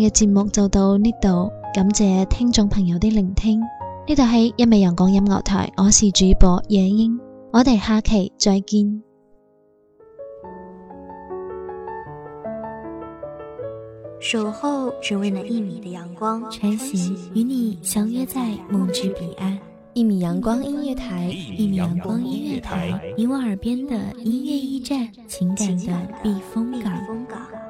嘅節目就到呢度，感謝聽眾朋友的聆聽。呢度係一米陽光音樂台，我是主播夜鶯，我哋下期再見。守候只為那一米的陽光，穿行與你相約在夢之彼岸。一米陽光音樂台，一米陽光音樂台，你我耳邊的音樂驛站，情感的避風港。